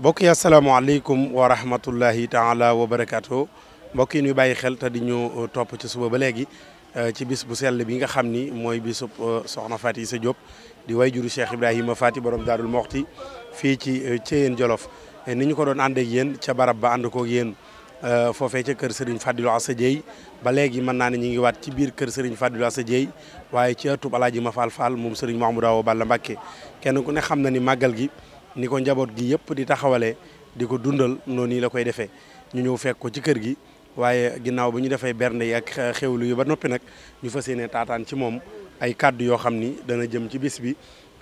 mbokk yi asalaamaaleykum wa rahmatullahi taala wa barakaatu mbokk yi ñuy bàyyi xel te di ñu uh, topp ci suba ba léegi uh, ci bis bu sell bi nga xam ni mooy bisub uh, soxna Faty Issa Diop di wayjuru Cheikh Ibrahima Faty borom Daarul Moxti fii ci Thiéyène Jolof ni ñu ko doon ànd ak yéen ca barab ba ànd koog yéen foofee ca kër Serigne Fadilou sa Dieye ba léegi mën naa ne ñu ngi waat ci biir kër Serigne Fadilou sa Dieye waaye ci ëttub Alaaji Mafal Fall moom Serigne Mahmoud Awa Balla Mbacké kenn ku ne xam na ni màggal gi ni ko njaboot gi yëpp di taxawalee di ko dundal noonu yi la koy defee ñu ñëw fekk ko ci kër gi waaye ginnaaw bi ñu defee bernde yi ak xewlu yi ba noppi nag ñu fas yéene taataan ci moom ay kàddu yoo xam ni dana jëm ci bis bi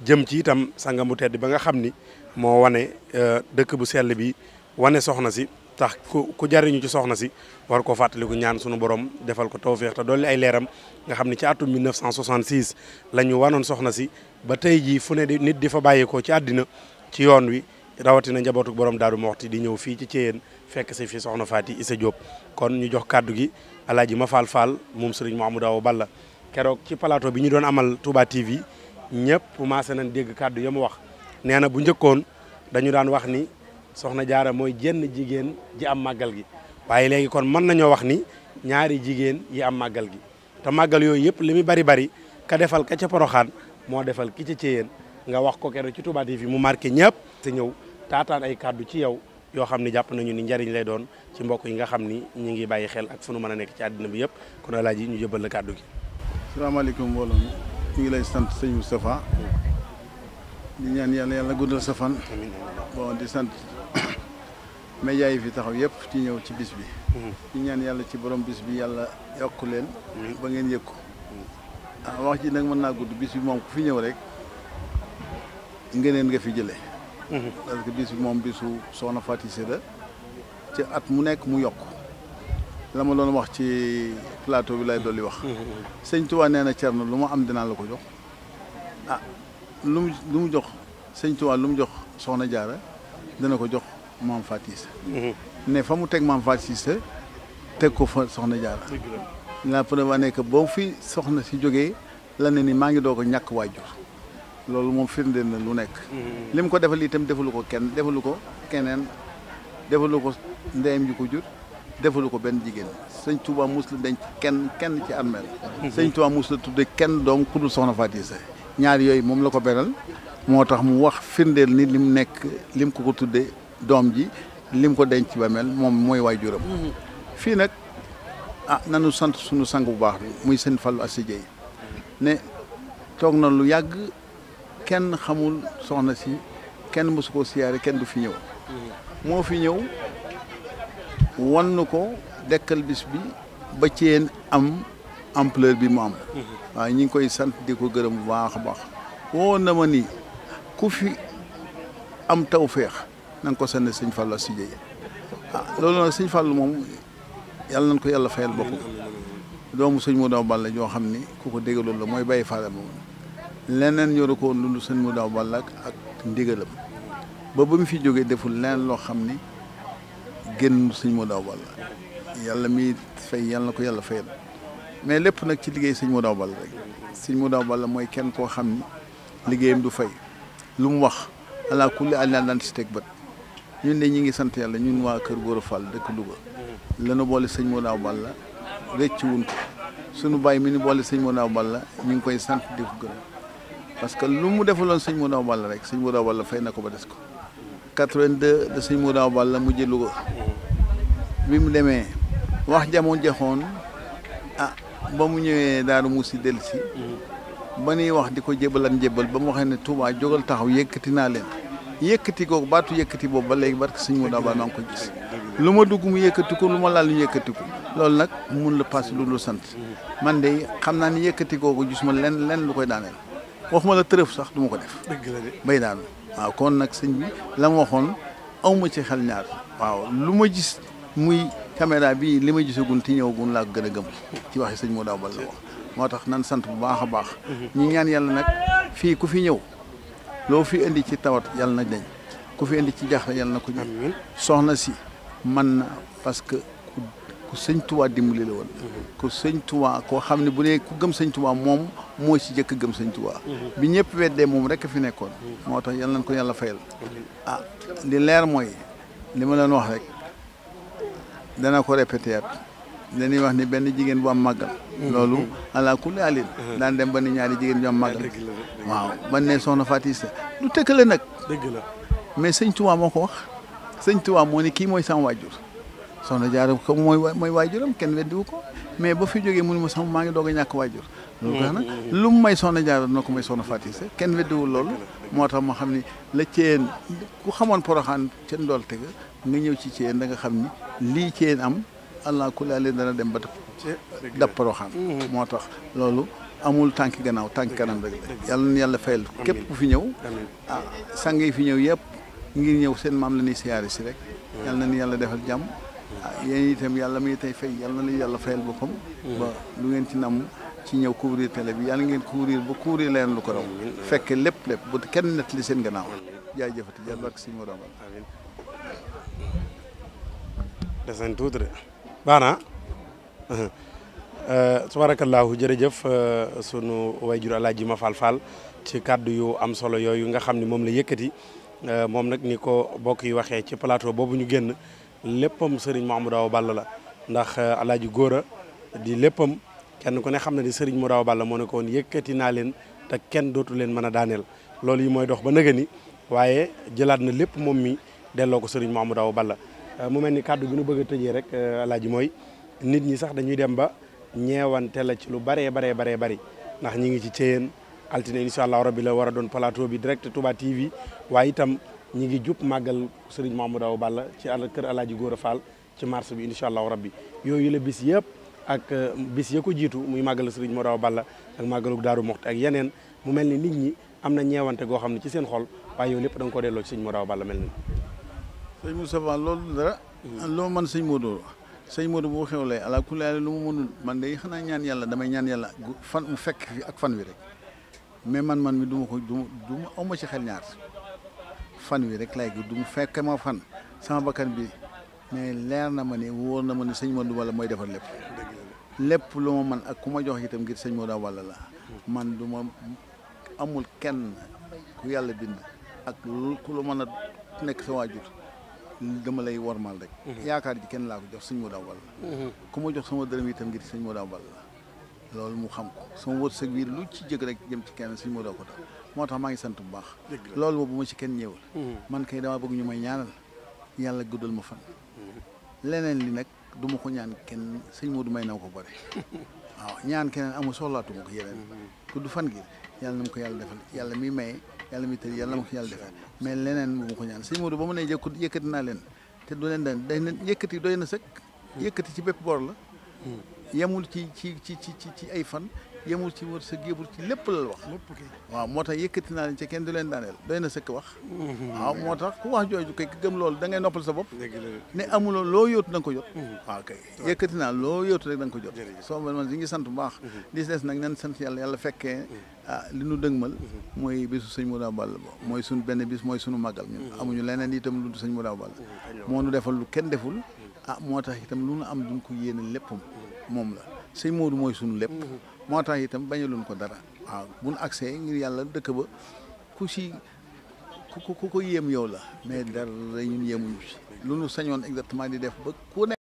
jëm ci itam sangam bu tedd ba nga xam ni moo wane euh, dëkk bu sell bi wane soxna si tax ku ku jariñu ci soxna si war ko fàttaliku ñaan sunu borom defal ko tawféex te dolli ay leeram nga xam ne ci atum 1966 la ñu wanoon soxna si ba tey jii fu ne nit di fa bàyyeekoo ci àddina ci yoon wi rawatina njabootu borom daaru ma waxti di ñëw fii ci Thiéyène fekk si fi soxna faati Issa Diop kon ñu jox kàddu gi alaaji Mafal Fall moom sëriñ Mouhamadou Awa Balla keroog ci plateau bi ñu doon amal Touba TV ñëpp commencé nañ dégg kàddu ya mu wax nee na bu njëkkoon dañu daan wax ni soxna jaara mooy jenn jigéen ji am màggal gi waaye léegi kon mën nañoo wax ni ñaari jigéen yi am màggal gi te màggal yooyu yëpp li muy bari bari ka defal ka ca moo defal ki ci nga wax ko keroog ci Touba TV mu marqué ñëpp te ñëw taataan ay kàddu ci yow yoo xam ni jàpp nañu ni njariñ lay doon ci mbokk yi nga xam ni ñu ngi bàyyi xel ak fu nu mën a nekk ci àddina bi yëpp kon alaaji ñu jëbal la kàddu gi salaamaaleykum mbooloo mi ñu sant sëñ Moustapha ñaan yàlla yàlla guddal sa fan bon di sant média yi fi taxaw yëpp ci ñëw ci bis bi mm-hmm. di ñaan yàlla ci borom bis bi yàlla yokk leen mm-hmm. ba ngeen yëg ko mm-hmm. ah, wax ji nag mën naa gudd bis bi moom ku fi ñëw rek ngëneen nga fi jëlee. Mhm. parce que bis bi moom bisu soxna Faty Sy la ci at mu nekk mu yokk la ma doon wax ci plateau bi lay dolli wax. Mhm. Mhm. sëñ Tuubaa nee na Cerno lu ma am dinaa la ko jox ah lu mu jox sëñ Tuubaa lu mu jox soxna jaara dana ko jox maam Faty Sy. ne fa mu teg maam Faty Sy teg ko fa soxna jaara la preuve nekk boo fi soxna si jógee la ne ni maa ngi doog ko ñàkk waajur loolu moom firndeel na lu nekk. Mm-hmm. li mu ko defal tam defalu ko kenn defalu ko keneen defalu ko ndeyam ju ko jur defalu ko benn jigéen sëñ Touba mus la denc kenn kenn ci armeel. Mm-hmm. sëñ Touba mus la tudde kenn doom ku dul soxna Fatou Seye ñaar yooyu moom la ko beral moo tax mu wax firndeel ni lim nekk lim ko ko tudde doom ji lim ko denc ba mel moom mooy waajuram. Mm-hmm. fii nag a ah, nanu sant sunu sang bu baax bi muy sëñ Fallou Assie ne toog na lu yàgg. kenn xamul soxna si kenn mësu koo siyaare kenn du fi ñëw moo fi ñëw wan ko dekkal bis bi ba ceen am empleur bi mu am waaw ñi ngi koy sant di ko gërëm bu baax a baax woo na ma ni ku fi am taw feex na nga ko sànni sëñ Fallou si Dieye ah loolu nag sëñ Fallou moom yàlla nañ ko yàlla fayal boppam doomu sëñ Modou Balla joo xam ni ku ko dégg loolu la mooy bàyyi Fallou moom leneen yoru ko woon sëñ mu daaw balla ak ndigalam ba ba mu fi jógee deful leneen loo xam ni génn sëñ mu daaw balla yàlla mi fay yàlla na ko yàlla fayal mais lépp nag ci liggéey sëñ mu daaw balla rek mu daaw balla mooy kenn koo xam ni liggéeyam du fay lu mu wax ala kulli àll si teg bët ñun de ñu ngi sant yàlla ñun waa kër Gora Fall dëkk Louga lanu boole sëñ mu daaw balla rëcc wuñ sunu bàyyi mi ni boole sëñ mu daaw la ñu ngi koy sant di ko gërëm parce que lu mu defaloon sëñ Moundaw Balla rek sëñ Moundaw Balla fay na ko ba des ko 82 de sëñ Moundaw Balla mujj Louga bi mu demee wax jamono joxoon a ah, ba mu ñëwee Daaru Musi dellu si ba nuy wax di ko jébalan jébal ba mu waxee ne Touba jógal taxaw yëkkati naa leen yëkkati googu baatu yëkkati boobu ba léegi barke sëñ Moundaw Balla maa ngi ko gis lu ma dugg mu yëkkati ko lu ma laal ñu yëkkati ko loolu nag mun la pass lu dul sant man de xam naa ni yëkkati googu gis ma lenn lu koy daaneel waxuma la tërëf sax duma ko def. dëgg la de mbay daanu waaw kon nag sëñ bi la ma waxoon aw ma ci xel ñaar waaw lu ma gis muy caméra bi li ma gisagun ti ñëwagun laa gën a gëm ci waxi sëñ Modou Abal la wax moo tax nan sant bu baax a baax. Mhm. ñi ñaan yàlla nag fii ku fi ñëw loo fi indi ci tawat yàlla na dañ ku fi indi ci jaxle yàlla na ko. amiin soxna si man na parce sëñ Tuubaa dimbali la woon ku sëñ Tuubaa koo xam ne bu ne ku gëm sëñ Tuubaa moom mooy si jëkk gëm sëñ Tuubaa bi ñëpp weddee moom rek fi nekkoon moo tax yal nañ ko yàlla fayal a ah di leer mooy li ma leen wax rek dana ko répété at wax ni benn jigéen bu am màggal loolu ala kulli alin daan dem ba ni ñaari jigéen bu am màggal waaw ban ne soxna Faati Sa lu tëkkale nag dëgg la mais sëñ Tuubaa moo ko wax sëñ Tuubaa moo ni kii mooy sama waajur soxna Diarra ko mooy mooy waajuram kenn weddiwu ko mais ba fi jógee mu ne ma sama maa ngi doog a ñàkk waajur loolu tax nag mm-hmm. mm-hmm. lu mu may soxna Diarra dina ko may soxna Faty Isse kenn weddiwul loolu moo tax ma xam ni la Thièyeen ku xamoon poroxaan ca ndoolte ga nga ñëw ci Thièyeen da nga xam ni lii Thièyeen am allah kulli leen dana dem ba dab Porokhane mm-hmm. moo tax loolu amul tànk gannaaw tànk kanam rek la yàlla na yàlla fayal képp ku fi ñëw ah sang yi fi ñëw yëpp ngir ñëw seen maam la ñuy si rek yàlla yàlla defal jàmm yéen itam yàlla muy tey fay yàlla na la yàlla fayal boppam. Mm-hmm. ba lu ngeen ci nam ci ñëw couvrir télé bi yàlla ngeen couvrir ba couvrir leen lu ko raw. fekk lépp lépp bu kenn nettali seen gannaaw. jaajëfati yàlla ak si mu rabal. amiin desen tuuti euh, jërëjëf euh, sunu wayjur alaaji ma faal faal ci kàddu yu am solo yooyu nga xam ne moom la yëkkati euh, moom nag ni ko bokk yi waxee ci plateau boobu ñu génn. léppam sëriñ Mouhamadou Awa Balla la ndax eh, alaaji góora di léppam kenn ko ne xam ne di sëriñ Mouhamadou Awa Balla moo ne ko woon yëkkati naa leen te kenn dootu leen mën a daaneel loolu yi mooy dox ba nëga ni waaye jëlaat na lépp moom mi delloo ko sëriñ Mouhamadou Awa Balla eh, mu mel ni kàddu bi nu bëgg a tëjee rek eh, alaaji mooy nit ñi sax dañuy dem ba ñeewante la ci lu baree baree baree bari ndax ñi ngi ci Ceyeen altine incha allah rabbi la war a doon plateau bi direct Touba TV waaye ñi ngi jub màggal Serigne Mamadou a Balla ci àll kër Alaaji Góora Fall ci mars bi incha allahu rabbi yooyu la bis yëpp ak euh, bis ya ko jiitu muy màggal Serigne Mamadou Awa Balla ak màggalu Daaru Moxti ak yeneen mu mel ni nit ñi am na ñeewante goo xam ne ci seen xol waaye yooyu lépp da nga koo delloo sëñ Modou Awa Balla mel ni sëñ Moustapha man sëñ Modou sëñ Modou bu xew lay ala kulli lu mu mënul man day xanaa ñaan yàlla damay ñaan yàlla fan mu fekk fi ak fan wi rek mais man man mi du ko du ma ma ci xel ñaar fan wi rek laay gudd mu fekke ma fan sama bakkan bi mais leer na ma ni wóor na ma ni sëñ Modou Walla mooy defar lépp lépp lu man ak ku ma jox itam ngir sëñ Modou Walla la man du ma amul kenn ku yàlla bind ak lu ku lu mën a nekk sa waajur dama lay wormal rek mhm. yaakaar ji kenn laa ko jox sëñ Modou Walla mhm. ku ma jox sama dërëm itam ngir sëñ Modou Walla la loolu mu xam ko sama wërsëg wi lu ci jëkk rek jëm ci kenn sëñ Modou ko tax moo tax maa ngi sant bu baax loolu bu ma ci kenn ñëwul hmm. man kay damaa bëgg ñu may ñaanal yàlla guddal ma fan hmm. leneen li nag du ma ko ñaan kenn sëñ Modou may naw ko bare waaw ñaan keneen amul soxlaatuma ko yeneen hmm. gudd fan gi yàlla na ma ko yàlla defal yàlla mi maye yàlla mi tëdd yàlla ma ko yàlla defal mais leneen bu ma ko ñaan sëñ Modou ba mu ne jëkku yëkkati naa leen te du leen dañ day na yëkkati doy na sëkk yëkkati ci bépp boor la yemul ci ci ci ci ci ay fan yemul ci wërsëg yemul ci lépp la wax. waaw moo tax yëkkati naa leen ci kenn du leen daaneel doy na sëkk wax. Mhm. waaw moo tax ku wax jooju kay ki gëm loolu da ngay noppal sa bopp. ne amuloo loo yóotu da nga ko jot. Mhm. waaw kay yëkkati naa loo yóotu rek da nga ko jot. soo man man ñu ngi sant bu baax. li mhm. des nag nañ sant yàlla yàlla fekkee. Ah, li nu dëgmal mooy bisu sëñ Mourou Ball ba mooy sunu benn bis mooy suñu màggal ñun amuñu leneen itam lu dul sëñ Mourou Ball moo nu defal lu kenn deful ah moo tax itam lu nu am duñ ko yéene moom la sëñ Mourou mooy sunu lépp moo tax itam bañaluñ ko dara waaw bu nu accès ngir yàlla dëkk ba ku si ku ku ko yéem yow la mais dara ñun yéemuñu si lu nu sañoon exactement di def ba ku ne